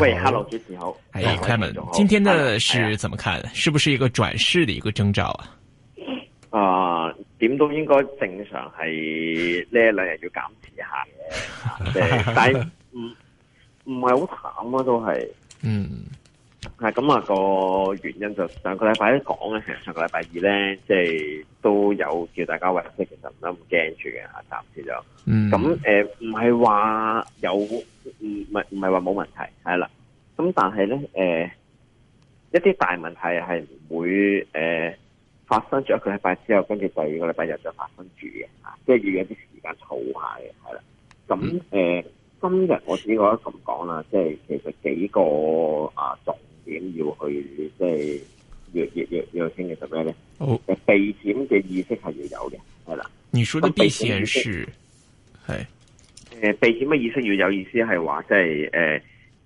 喂好，Hello，主持好，哎、啊，Clement，今天呢、哎、呀是怎麼看，是不是一個轉世的一個徵兆啊？啊、呃，點都應該正常是這一一，係呢兩日要減持下嘅，但係唔唔係好慘啊，都係，嗯。係咁啊，個原因就上個禮拜一講嘅，其實上個禮拜二咧，即、就、係、是、都有叫大家為即係其實唔使咁驚住嘅吓，暫時就、嗯，咁誒唔係話有唔唔唔係話冇問題係啦，咁但係咧誒一啲大問題係唔會誒、呃、發生咗一個禮拜之後，跟住第二個禮拜日就發生住嘅吓，即係要有啲時間措下嘅係啦，咁誒、呃、今日我自己覺得咁講啦，即係其實幾個啊點要去即係要要要要傾嘅，什麼咧？哦，oh. 避險嘅意識係要有嘅，係啦。你說嘅避險是係誒，避險嘅意識要嘿有，意思係話即係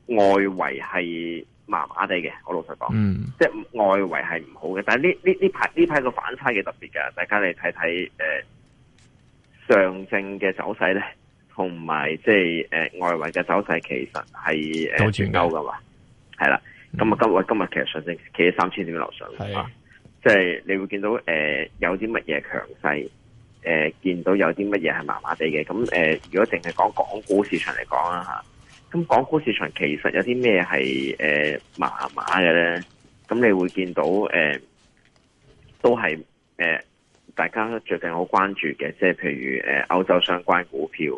誒外圍係麻麻地嘅。我老實講，嗯，即係外圍係唔好嘅。但係呢呢呢排呢排個反差幾特別噶，大家嚟睇睇誒上證嘅走勢咧，同埋即係誒、呃、外圍嘅走勢，其實係誒、呃、都全勾噶嘛，係啦。咁啊、嗯，今今日其實上證企喺三千點嘅樓上即係是、啊就是、你會見到誒、呃，有啲乜嘢強勢，誒、呃、見到有啲乜嘢係麻麻地嘅，咁、嗯、誒、呃、如果淨係講港股市場嚟講啦吓，咁、啊、港股市場其實有啲咩係誒麻麻嘅咧？咁、呃、你會見到誒、呃，都係誒、呃、大家最近好關注嘅，即係譬如誒歐、呃、洲相關股票，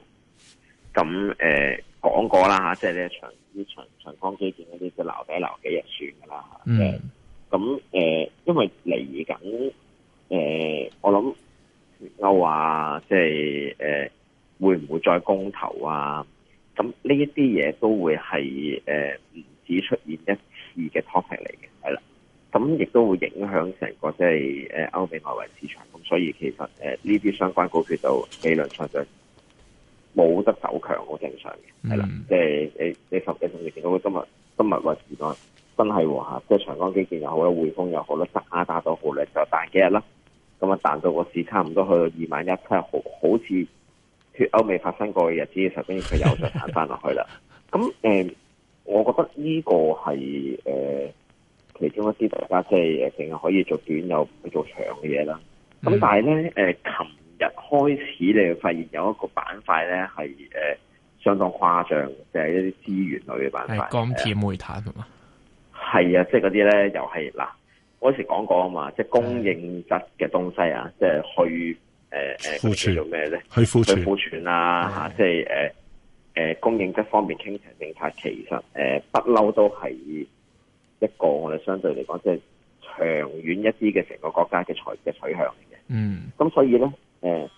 咁誒。呃講過啦吓，即係咧長啲長長江基建嗰啲，即留底留幾日算噶啦吓。咁、嗯、誒、嗯，因為嚟緊誒，我諗歐啊，即係誒，會唔會再公投啊？咁呢一啲嘢都會係誒，唔、嗯、止出現一次嘅 topic 嚟嘅，係啦。咁、嗯、亦、嗯、都會影響成個即係誒歐美外圍市場。咁、嗯、所以其實誒呢啲相關股票就理論上就。冇得走強，好正常嘅，係啦、mm。即、hmm. 係你你十幾分鐘見到今日今日個市當真係和嚇，即係長江基建又好啦，匯豐又好啦，打打，好打，打到好靚就彈幾日啦。咁啊彈到個市差唔多去到二萬一七日，好好似脫歐未發生過嘅日子嘅時候，跟住佢又再彈翻落去啦。咁誒、 呃，我覺得呢個係誒、呃、其中一啲大家即係誒淨係可以做短又去做長嘅嘢啦。咁但係咧誒琴。一開始你會發現有一個板塊咧，係誒相當誇張，就係、是、一啲資源類嘅板塊，係鋼鐵、煤炭係、呃啊就是啊、嘛？係啊，即係嗰啲咧，又係嗱，我以前講過啊嘛，即、呃、係供應質嘅東西啊，即係去誒誒庫存做咩咧？去庫存、去庫存啊，吓，即係誒誒供應質方面傾斜政策，其實誒不嬲都係一個我哋相對嚟講，即係長遠一啲嘅成個國家嘅財嘅取向嚟嘅。嗯，咁所以咧。誒，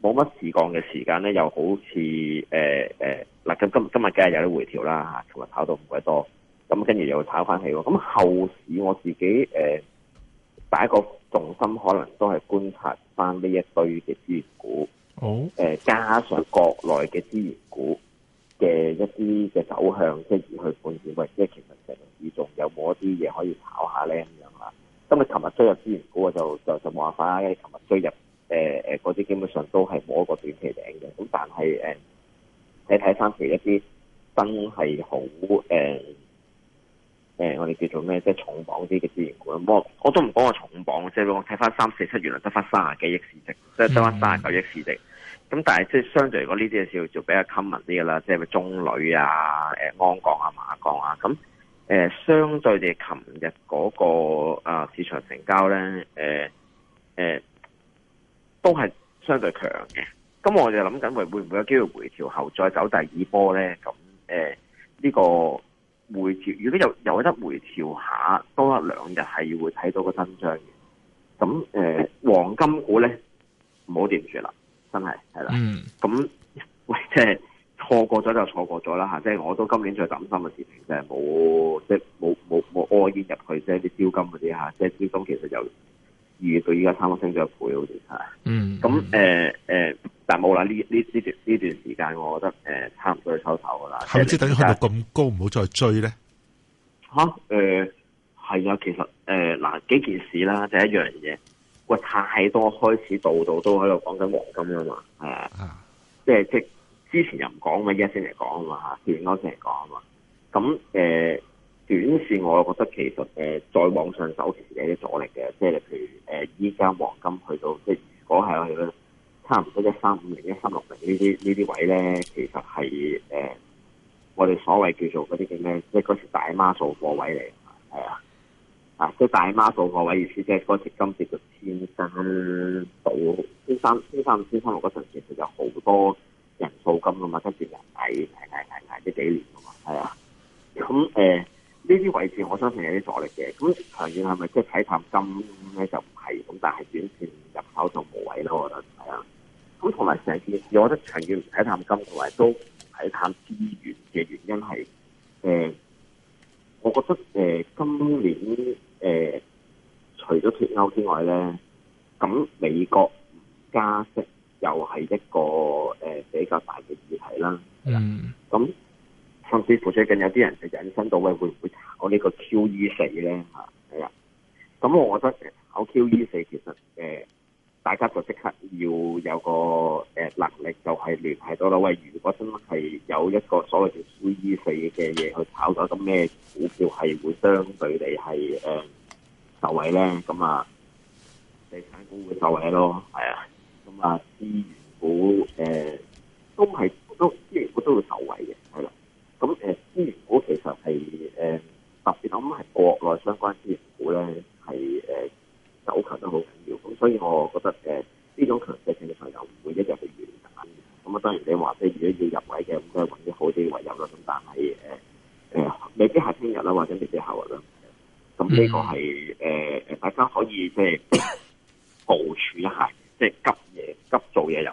冇乜市降嘅時間咧，又好似誒誒，嗱咁今今日梗係有啲回調啦吓，琴日炒到唔鬼多，咁跟住又會炒翻起咯。咁後市我自己誒，第一個重心可能都係觀察翻呢一堆嘅資源股，好誒、哦，加上國內嘅資源股嘅一啲嘅走向，即係而去判斷，喂，即係其實成份股仲有冇一啲嘢可以炒下咧咁樣啦。咁你琴日追入資源股我就就就冇辦法啦，因為琴日追入。誒誒，嗰啲，呃、基本上都係冇一個短期頂嘅。咁但係誒，你睇翻其一啲真係好誒誒，我哋叫做咩？即係重磅啲嘅資源股。我我都唔講我重磅，即係我睇翻三四七，原來得翻三十幾億市值，即係得翻三十九億市值。咁但係即係相對嚟講，呢啲嘅事就比較 common 啲嘅啦。即係中鋁啊，誒鞍鋼啊，馬鋼啊。咁誒、呃，相對地，琴日嗰個市場成交咧，誒、呃、誒。呃都係相對強嘅，咁我就諗緊，喂，會唔會有機會回調後再走第二波咧？咁誒，呢、呃這個回調，如果又有，有得回調下多一兩日，係會睇到個真章嘅。咁、呃、誒，黃金股咧，唔好掂住啦，真係係啦。咁、嗯、喂，即、呃、係錯過咗就錯過咗啦吓。即係我都今年最擔心嘅事情就係冇，即係冇冇冇煙入去，即係啲招金嗰啲吓，即係招金其實就。二月到依家三個星期一倍好似係，嗯，嗯，咁、呃、但係冇啦，呢呢呢段呢段時間，我覺得誒、呃、差唔多要收手噶啦。係咪即等於去到咁高，唔好再追咧？嚇誒係啊、呃是的，其實誒嗱、呃、幾件事啦，第一樣嘢，喂、呃，太多開始度度都喺度講緊黃金噶嘛，係啊，啊即係即之前又唔講嘅，依家先嚟講啊嘛，前嗰先嚟講啊嘛，咁誒。短線我覺得其實誒再、呃、往上走其實有啲阻力嘅，即係例如誒依家黃金去到即係如果係去到差唔多一三五零、一三六零呢啲呢啲位咧，其實係、呃、我哋所謂叫做嗰啲叫咩？即係嗰時大媽掃貨位嚟，係啊啊，即係大媽掃貨位意思即係嗰時金市千三到千三千三千三六嗰陣，其實有好多人做金噶嘛，跟住又捱捱捱捱幾年㗎嘛，係啊，咁誒呢啲位置我相信有啲阻力嘅，咁長遠係咪即係睇淡金咧就唔係，咁但係短線入口就冇位咯，我覺得係啊。咁同埋成件事，我覺得長遠唔睇淡金同埋都睇淡資源嘅原因係，誒、呃，我覺得誒、呃、今年誒、呃、除咗脫歐之外咧，咁美國加息又係一個誒、呃、比較大嘅議題啦。嗯。咁。甚至乎最近有啲人就引申到喂、e，會唔會炒呢個 QE 四咧？吓，係啊！咁我覺得炒 QE 四其實誒、呃、大家就即刻要有個誒能力就係聯繫，就係聯繫到啦喂。如果真係有一個所謂嘅 QE 四嘅嘢去炒咗，咁咩股票係會相對地係誒受惠咧？咁啊，地產股會受惠咯，係啊。咁啊，資源股誒都係都資源股都會受惠嘅。咁誒、呃、資源股其實係誒、呃、特別，我諗係國內相關資源股咧，係誒走強得好緊要，咁所以我覺得誒呢、呃、種強勢情況又唔會一日去完蛋。咁啊、嗯、當然你話即係如果要入位嘅，咁都係搵啲好啲位入啦，咁但係誒、呃、未必係聽日啦，或者未必係後日啦，咁、呃、呢個係誒、呃、大家可以即係、呃、 部署一下，即係急嘢急做嘢入。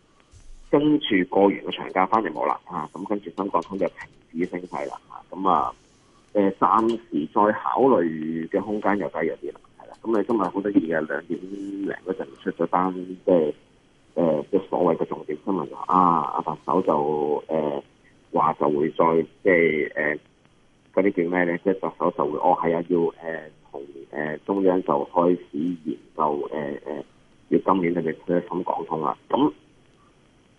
跟住過完個長假翻嚟冇啦咁跟住深港通就停止升勢啦咁啊誒、啊啊、暫時再考慮嘅空間又低入啲啦，係啦、啊。咁、嗯、你今日好得意嘅兩點零嗰陣出咗單，即係即係所謂嘅重點新聞話啊，阿特首就誒話、呃、就會再即係誒嗰啲叫咩咧？即係特首就會哦係啊，要誒同誒中央就開始研究誒、呃呃、要今年定係開深港通啦，咁、啊。嗯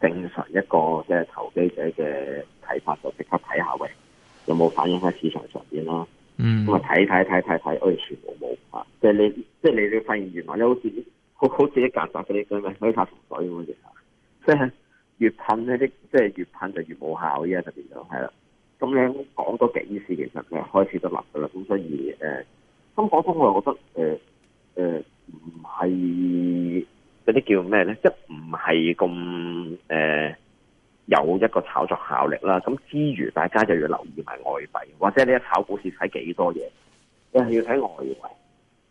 正常一個即係投資者嘅睇法就即刻睇下喂，有冇反映喺市場上邊啦？嗯，咁啊睇睇睇睇睇，哦、哎，全部冇嚇，即係你即係你，你發現原來咧好似啲好好似啲曱甴嗰啲咁樣可以爬上水咁嘅嘢啊！即係越噴呢啲，即係越噴就越冇效依家就變咗係啦。咁你講多幾次，其實佢係開始都立噶啦。咁所以誒，咁講通我又覺得誒誒唔係。呃呃嗰啲叫咩咧？即係唔係咁誒有一個炒作效力啦。咁之餘，大家就要留意埋外幣，或者你一炒股市睇幾多嘢，你係要睇外圍，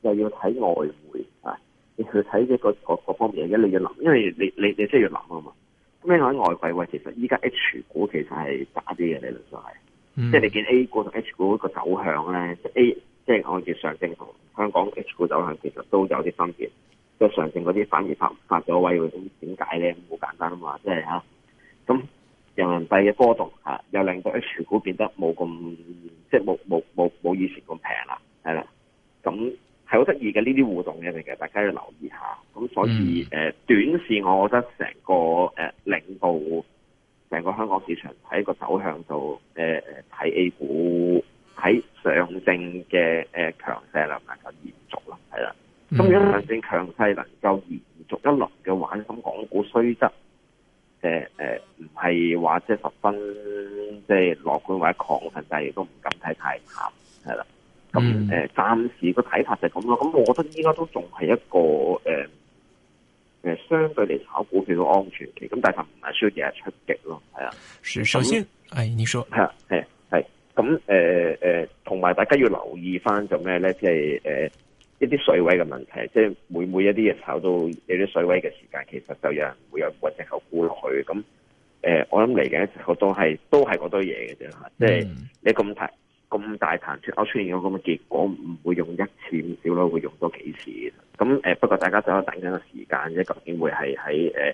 又要睇外匯啊！你去睇一個各方面嘅一你要諗，因為你你你真要諗啊嘛。咁喺外幣位，其實依家 H 股其實係差啲嘅，理論上係，即係你見 A 股同 H 股一個走向咧，即係 A，即係按照上升同香港 H 股走向，其實都有啲分別。個上證嗰啲反而發發咗威喎，咁點解咧？好簡單啊嘛，即係嚇，咁人民幣嘅波動嚇、啊，又令到 H 股變得冇咁，即係冇冇冇冇以前咁平啦，係啦，咁係好得意嘅呢啲互動嚟嘅，大家要留意一下。咁所以誒，嗯、短線我覺得成個誒領導，成個香港市場喺個走向度誒誒，睇、呃、A 股喺上證嘅誒強勢能唔能夠延續啦，係啦。咁樣上證強勢能夠延續一輪嘅玩，咁港股雖則嘅誒，唔係話即係十分即係樂觀或者亢奮，但係亦都唔敢睇太淡，係啦。咁、嗯、誒，暫時個睇法就係咁咯。咁我覺得依家都仲係一個誒誒，相對嚟炒股票嘅安全期。咁但係唔係需要日日出擊咯，係啊。嗯、首先，阿、哎、姨你說係啊，係係。咁誒誒，同埋大家要留意翻就咩、是、咧？即係誒。啲水位嘅問題，即係每每一啲嘢炒到有啲水位嘅時間，其實就有人會有嗰隻口沽落去。咁誒、呃，我諗嚟嘅好多都係都係嗰堆嘢嘅啫。嚇、嗯，即係你咁大咁大盤出，我出現咗咁嘅結果，唔會用一次唔少咯，會用多幾次。咁誒、呃，不過大家就等緊個時間，即係究竟會係喺誒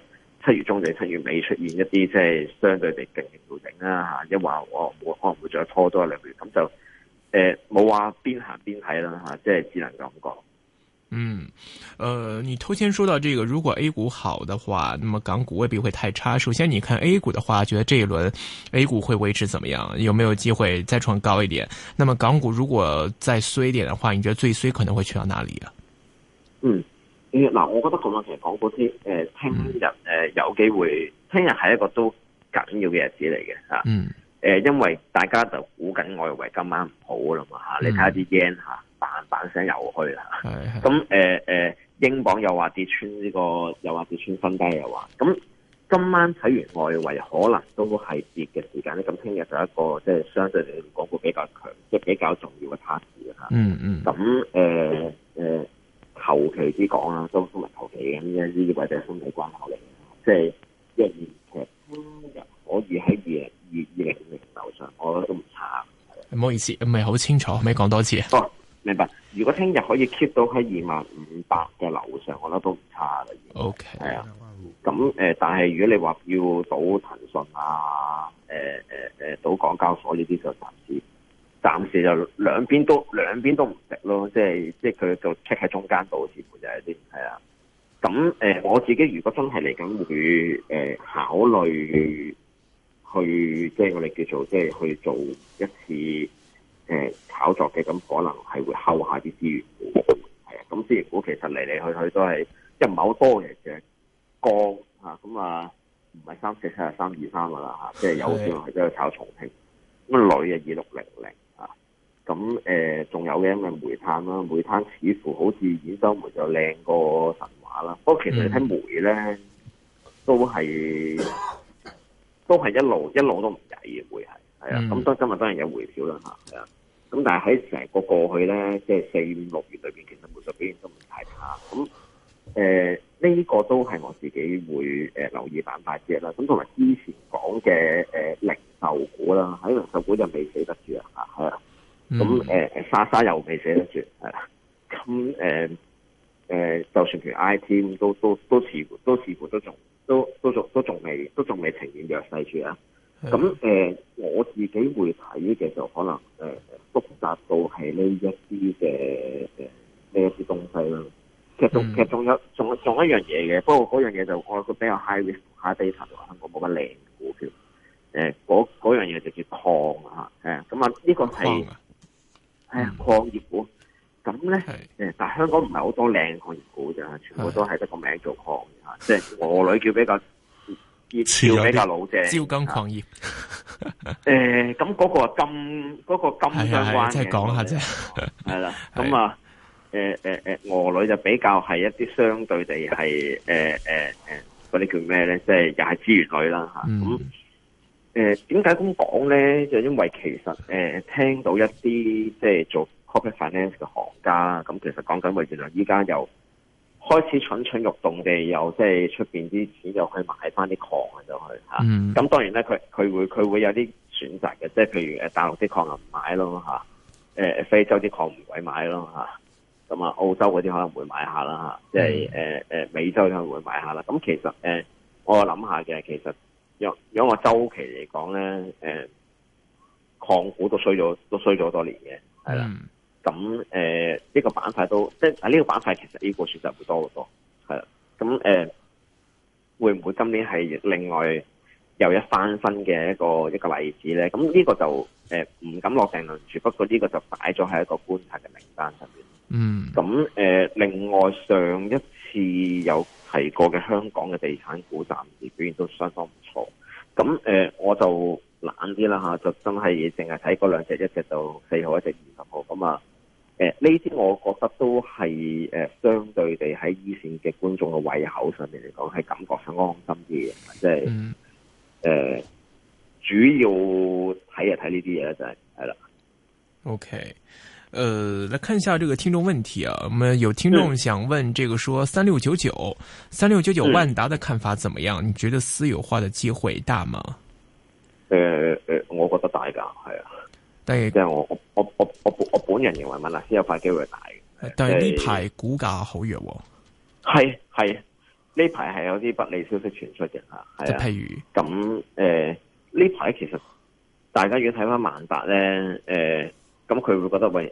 七月中定七月尾出現一啲即係相對地嘅調整啦。嚇，亦話我會可能會再拖多一兩月，咁就誒冇話邊行邊睇啦。嚇，即係只能咁講。嗯，呃，你頭先說到這個，如果 A 股好的話，那麼港股未必會太差。首先，你看 A 股的話，覺得這一輪 A 股會維持怎麼樣？有沒有機會再創高一點？那麼港股如果再衰一點的話，你覺得最衰可能會去到哪裏啊？嗯，嗱、嗯啊，我覺得咁樣其實港股聽誒聽日誒有機會，聽日係一個都緊要嘅日子嚟嘅吓。啊、嗯。誒、呃，因為大家就估緊外圍今晚唔好啦嘛吓，嗯、你睇下啲 yen 吓。啊扮扮聲又去啦，咁誒誒，英鎊又話跌穿呢個，又話跌穿新低，又話，咁今晚睇完外圍可能都係跌嘅時間咧，咁聽日就一個即係、就是、相對嚟講會比較強，即、就、係、是、比較重要嘅測試嗯嗯，咁誒誒，求其啲講啦，都唔係求其嘅，呢一啲或者心理關口嚟即係一二，其實今日可以喺二二二零零樓上，我覺得都唔差。唔好意思，唔係好清楚，可唔可以講多次啊？如果聽日可以 keep 到喺二萬五百嘅樓上，我覺得都唔差啦。OK，係啊。咁誒、呃，但係如果你話要賭騰訊啊，誒誒誒，賭、呃呃、港交所呢啲就暫時，暫時就兩邊都兩邊都唔值咯。即係即係佢就 keep 喺中間度，似乎就係啲係啊。咁誒、呃，我自己如果真係嚟緊會誒、呃、考慮去，即係我哋叫做即係去做一次。誒，炒作嘅咁可能係會后下啲資源股，係啊，咁資源股其實嚟嚟去去都係，即係唔係好多嘅，其實光，鋼咁啊，唔係三四七啊，三二三噶啦吓，即係有票係都係炒重慶，咁鋁啊二六零零啊，咁誒仲有嘅咪煤炭啦，煤炭似乎好似演周末就靚過神話啦，不過其實睇煤咧都係都係一路一路都唔曳嘅煤係，係啊，咁今今日當然有回票啦吓，係、嗯、啊。嗯咁但係喺成個過去咧，即係四五六月裏邊，其實冇咗幾件都唔太差。咁誒，呢、呃這個都係我自己會誒、呃、留意板塊之一啦。咁同埋之前講嘅誒零售股啦，喺、啊、零售股就未死得住啦，係、啊、啦。咁誒、嗯啊啊，莎莎又未死得住，係、啊、啦。咁誒誒，就算佢 I T 都都都,都似乎都似乎都仲都都仲都仲未都仲未呈現弱勢住啊。咁誒、呃，我自己會睇嘅就可能誒複雜到係呢一啲嘅呢一啲東西啦。其實仲、嗯、其實仲有仲仲一樣嘢嘅，不過嗰樣嘢就我係個比較 high risk high data 香港冇乜靚股票。誒、呃，嗰樣嘢就叫礦啊嚇。咁啊呢、呢個係誒礦業股。咁咧、嗯、的但係香港唔係好多靚礦業股嘅，全部都係得個名做礦的即係我女叫比較。 葉潮比較老正，招金礦業、啊。 誒，咁嗰個金、嗰個金相關，即係講下啫。係啦，咁啊，誒誒誒，鵝女就比較係一啲相十分 對地係，誒誒誒，嗰啲叫咩咧？即係又係資源女啦，吓咁。誒、so like，點解咁講咧？就因為其實誒，聽到一啲即係做 property finance 嘅行家啦，咁其實講緊話，原來依家有。開始蠢蠢欲動嘅，又即係出面啲錢又去買返啲礦就去吓。咁當然呢，佢佢會佢會有啲選擇嘅，即係譬如大陸啲礦又唔買囉、呃，非洲啲礦唔鬼買囉。咁、啊、澳洲嗰啲可能會買下啦，即係、mm hmm. 呃、美洲又會買下啦。咁其實、呃、我諗下嘅，其實如果我週期嚟講呢，礦股都衰咗都衰咗多年嘅，係啦，mm hmm. 咁誒呢個板塊都即係呢個板塊，其實呢個選擇會多好多，係啦。咁誒、呃、會唔會今年係另外又一翻身嘅一個一個例子咧？咁呢個就誒唔、呃、敢落定論住，不過呢個就擺咗喺一個觀察嘅名單上面。嗯。咁誒、呃、另外上一次有提過嘅香港嘅地產股暫時表現都相當唔錯。咁誒、呃、我就懶啲啦嚇，就真係淨係睇嗰兩隻一隻到四號一隻二十號咁啊！誒，呢啲、呃、我覺得都係誒、呃，相對地喺二線嘅觀眾嘅胃口上面嚟講，係感覺上安心啲嘅，即係誒，主要睇啊睇呢啲嘢就係係啦。OK，誒、呃，來看一下這個聽眾問題啊，我有聽眾想問，這個說三六九九三六九九萬達的看法怎麼樣？嗯、你覺得私有化的機會大嗎？誒誒、呃呃，我覺得大㗎，係啊。即係我我我我我本人認為萬達私有化機會是大，但係呢排股價好弱、哦是，係係呢排係有啲不利消息傳出嘅吓，即譬如咁誒呢排其實大家要睇翻萬達咧誒，咁、呃、佢會覺得喂誒、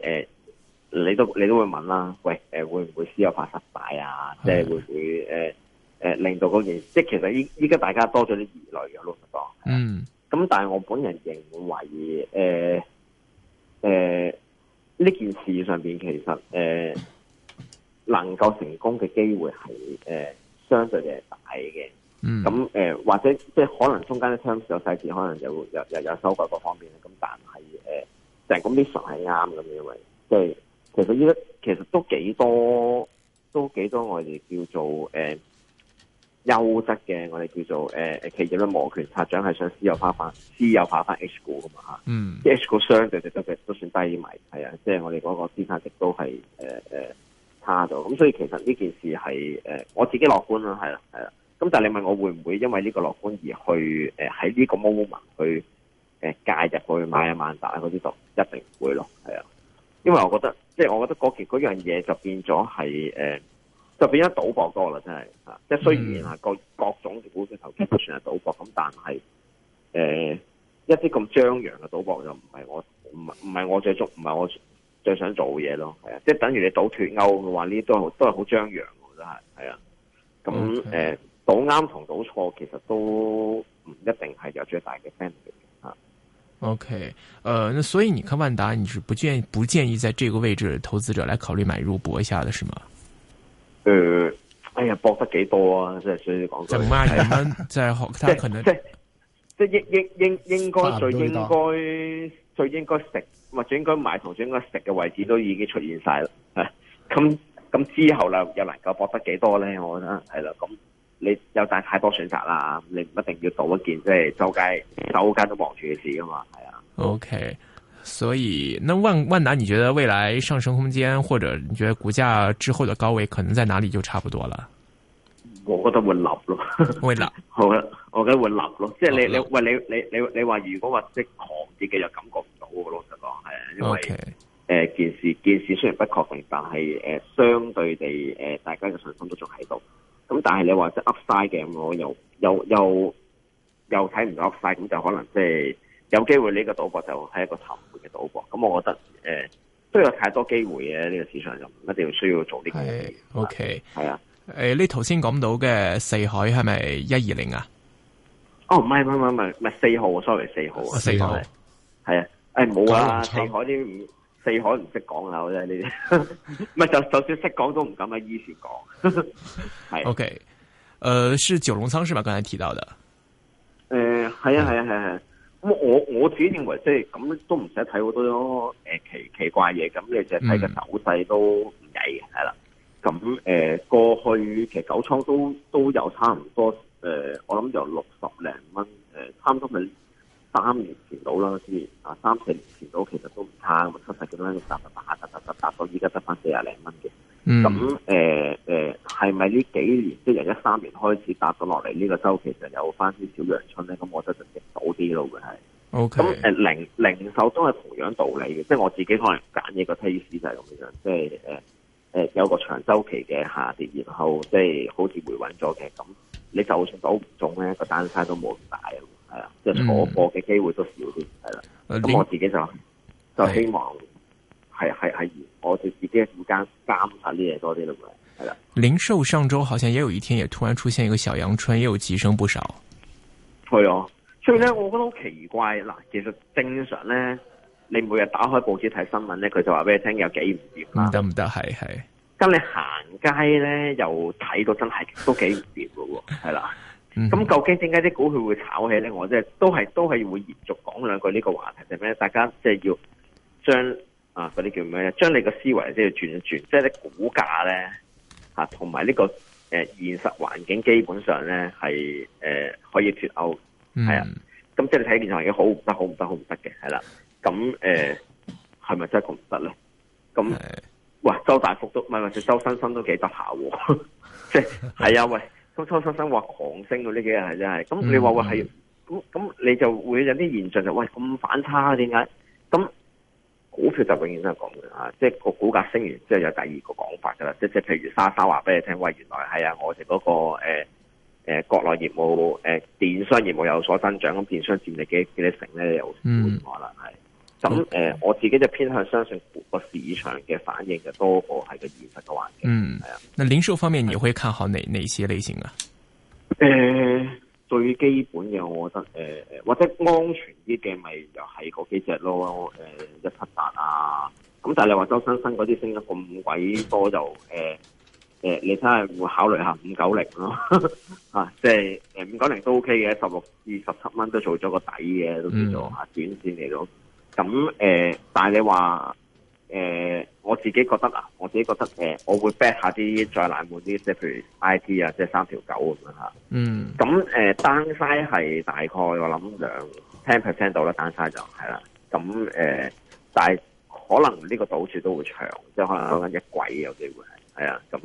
呃，你都你都會問啦、啊，喂誒、呃、會唔會私有化失敗啊？即係是的 會唔會誒誒令到嗰件即係其實依依家大家多咗啲疑慮嘅老實講，啊、嗯，咁但係我本人認為誒。呃誒，呢、呃、件事上邊其實誒、呃，能夠成功嘅機會係誒、呃，相對係大嘅。嗯，咁誒、呃，或者即係可能中間啲 terms 有細節，可能有有有有修改嗰方面咁，但係誒，成個 mission 係啱咁樣，即對的因為，其實依家其實都幾多，都幾多我哋叫做誒。呃優質嘅，我哋叫做誒誒、呃，企業咧，磨拳擦掌，係想私有化返私有化翻 H 股噶嘛吓，嗯，啲 H 股商就就都，都算低迷，係啊，即係我哋嗰個資產值都係誒誒差咗，咁所以其實呢件事係誒、呃、我自己樂觀啦，係啦，係啦，咁、啊、但係你問我會唔會因為呢個樂觀而去誒喺呢個 moment 去誒、呃、介入去買一萬達嗰啲度，就一定唔會咯，係啊，因為我覺得即係我覺得嗰件嗰樣嘢就變咗係誒。呃就變咗賭博多啦，真係，即係雖然係各各種嘅股票投資，都算係賭博咁，但係誒、呃、一啲咁張揚嘅賭博就唔係我唔唔係我最終唔係我最想做嘅嘢咯，係啊！即係等於你賭脫歐嘅話，呢啲都都係好張揚，真係係啊！咁誒賭啱同賭錯，Okay. 賭賭錯其實都唔一定係有最大嘅 friend 嘅。OK，誒，所以你看萬達，你是不建不建議在這個位置投資者來考慮買入搏一下嘅，是嗎？誒、嗯，哎呀，博得幾多啊？即係所以講，就孖錢，即係學他佢哋，即係即係，即應應應應該最應該最應該食，或者應該買同最應該食嘅位置都已經出現晒啦。吓、啊，咁咁之後啦，又能夠博得幾多咧？我覺得係啦。咁你有帶太多選擇啦，你唔一定要賭一件即係、就是、周街周街都望住嘅事㗎嘛？係啊。OK。所以，那萬萬達，你覺得未來上升空間，或者你覺得股價之後嘅高位可能在哪裏，就差不多啦。我覺得會立咯了，會立。好啦，我覺得會立咯。即係你了你喂你你你你話如果話即狂跌嘅又感覺唔到，老實講係啊，因為誒 Okay.、呃、件事件事雖然不確定，但係誒、呃、相對地誒、呃、大家嘅信心都仲喺度。咁但係你話即 upside 嘅，我又又又又睇唔到 upside，咁就可能即係。有機會呢個賭博就係一個沉悶嘅賭博，咁我覺得誒、呃，都有太多機會嘅、啊、呢、這個市場就唔一定要需要做呢個嘢。O K 係啊，誒你頭先講到嘅四海係咪一二零啊？哦唔係唔係唔係唔係四號，sorry 四號，四號係啊，誒冇啊，四海啲唔四海唔識講啊，我真呢啲，唔、哎、係、啊、就就算識講都唔敢喺依處講。係 O K，誒是九龍倉是嘛？剛才提到的，誒係、呃、啊係、嗯、啊係。咁我我自己認為即係咁都唔使睇好多誒、呃、奇奇怪嘢，咁你淨係睇個走勢都唔計嘅係啦。咁誒、呃、過去其實九倉都都有差唔多誒、呃，我諗由六十零蚊誒，差唔多係三年前到啦，至啊三四年前到，其實都唔差咁七十幾蚊，搭搭搭，搭搭搭，到依家得翻四廿零蚊嘅。咁誒係咪呢幾年即係、由、一三年開始搭咗落嚟呢個週期就有翻啲小陽春咧？咁我覺得就跌早啲咯，嘅係。O K. 咁誒零零售都係同樣道理嘅，即係我自己可能揀嘢個 case 就係咁樣，即係誒、呃呃、有個長週期嘅下跌，然後即係好似回穩咗嘅，咁你就算走唔中咧，個單差都冇咁大啊，係啊，即係錯貨嘅機會都少啲係啦。咁我自己就就希望、嗯。係係係，我哋自己嘅中間擔下啲嘢多啲咯。係啦，零售上周好像也有一天也突然出現一個小陽春，又有急升不少。係啊，所以咧，我覺得好奇怪嗱。其實正常咧，你每日打開報紙睇新聞咧，佢就話俾你聽有幾唔掂啦，得唔得？係係。咁你行街咧又睇到真係都幾唔掂噶喎，係啦。咁 究竟點解啲股佢會炒起咧？我即係都係都係會延續講兩句呢個話題，就咩？大家即係要將。啊！嗰啲叫咩咧？將你思維轉轉，就是呢啊這個思維即係轉一轉，即係你股價咧吓，同埋呢個誒現實環境基本上咧係誒可以脫歐，係、嗯、啊。咁即係睇現實已經好唔得好唔得好唔得嘅，係啦、啊。咁誒係咪真係咁唔得咧？咁是喂，周大福都唔係，周生生都幾得下喎。即係係啊，喂，周周生生話狂升到呢幾日係真係。咁你話喂係咁咁，嗯、是那那你就會有啲現象就喂咁反差點解咁？為什麼那股票就永遠都係講嘅嚇，即係個股價升完之後有第二個講法噶啦，即即係譬如莎莎話俾你聽，喂原來係啊、那個，我哋嗰個誒誒國內業務誒、呃、電商業務有所增長，咁電商佔力幾幾多成咧又變可能係咁誒，我自己就偏向相信個市場嘅反應就多過係個現實嘅環境。嗯，係啊的，那零售方面，你會看好哪哪些類型啊？誒、呃。最基本嘅，我覺得誒誒、呃，或者安全啲嘅，咪又係嗰幾隻咯，誒、呃、一七八啊，咁但係你話周生生嗰啲升得咁鬼多就，就誒誒，你真係會考慮下五九零咯， 啊，即係誒五九零都 OK 嘅，十六至十七蚊都做咗個底嘅，都叫做嚇、嗯、短線嚟到，咁誒、呃，但係你話。誒、呃，我自己覺得啊，我自己覺得誒、呃，我會 back 一下啲再冷門啲，即係譬如 I T 啊，即係三條九咁樣吓。嗯。咁誒，單晒係大概我諗兩 ten percent 度啦，單晒就係、是、啦。咁誒，係、呃、可能呢個賭注都會長，mm. 即係可能一鬼有機會係。係啊。咁、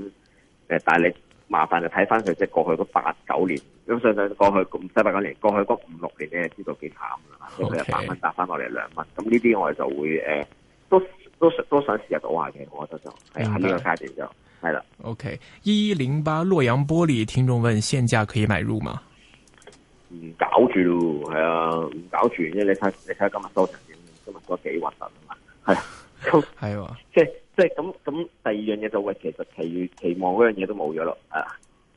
呃、誒，但係你麻煩就睇翻佢，即係過去嗰八九年，咁想想過去咁七八九年，過去嗰五六年你係知道幾慘噶嘛。好 Okay. 百蚊搭翻落嚟兩蚊，咁呢啲我哋就會誒、呃、都。都，都想試下倒下嘅，我覺得就係喺呢個階段，係啦。O K，一一零八洛陽玻璃，聽眾問現價可以買入嗎？唔搞住，係啊，唔搞住，因為你睇你睇今日多幾今日多得幾核突嘛，係啊，係啊， 即係即係咁咁，第二樣嘢就喂、是，其實期期望嗰樣嘢都冇咗咯，啊，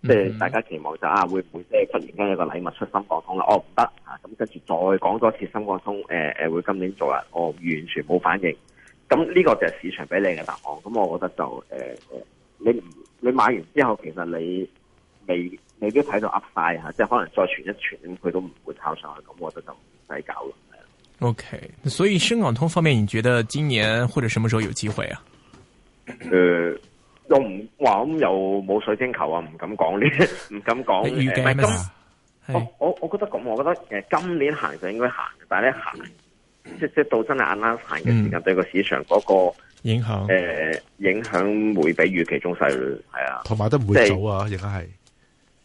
即係、嗯、大家期望就是、啊，會唔會即係突然間有個禮物出深港通啦？哦，唔得啊，咁跟住再講多次深港通，誒、呃、誒、呃，會今年做啦，我、哦、完全冇反應。咁呢個就係市場俾你嘅答案，咁我覺得就誒、呃，你你買完之後，其實你未未必睇到 up 晒吓，即係可能再傳一傳，佢都唔會炒上去，咁我覺得就唔使搞啦。OK，所以深港通方面，你覺得今年或者什麼時候有機會啊？誒、呃，又唔話咁又冇水晶球啊，唔敢講呢，唔敢講。預計咩啊？我我我覺得咁，我覺得誒，我覺得今年行就應該行，但係咧行。即即到真係啱啱 l 行嘅時間，對個市場嗰、那個、uh, 影響，誒影響會比預期中細，係啊，同埋都唔會早啊，亦係是，誒誒、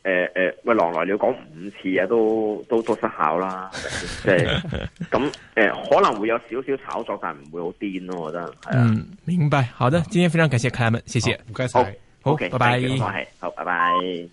呃呃，喂，狼來你講五次啊，都都都失效啦，即係咁，誒、呃、可能會有少少炒作，但唔會好癲咯，我覺得。啊、嗯，明白，好的，今天非常感謝 Clement，謝謝，唔該晒，好，拜拜，唔該晒，好，拜拜。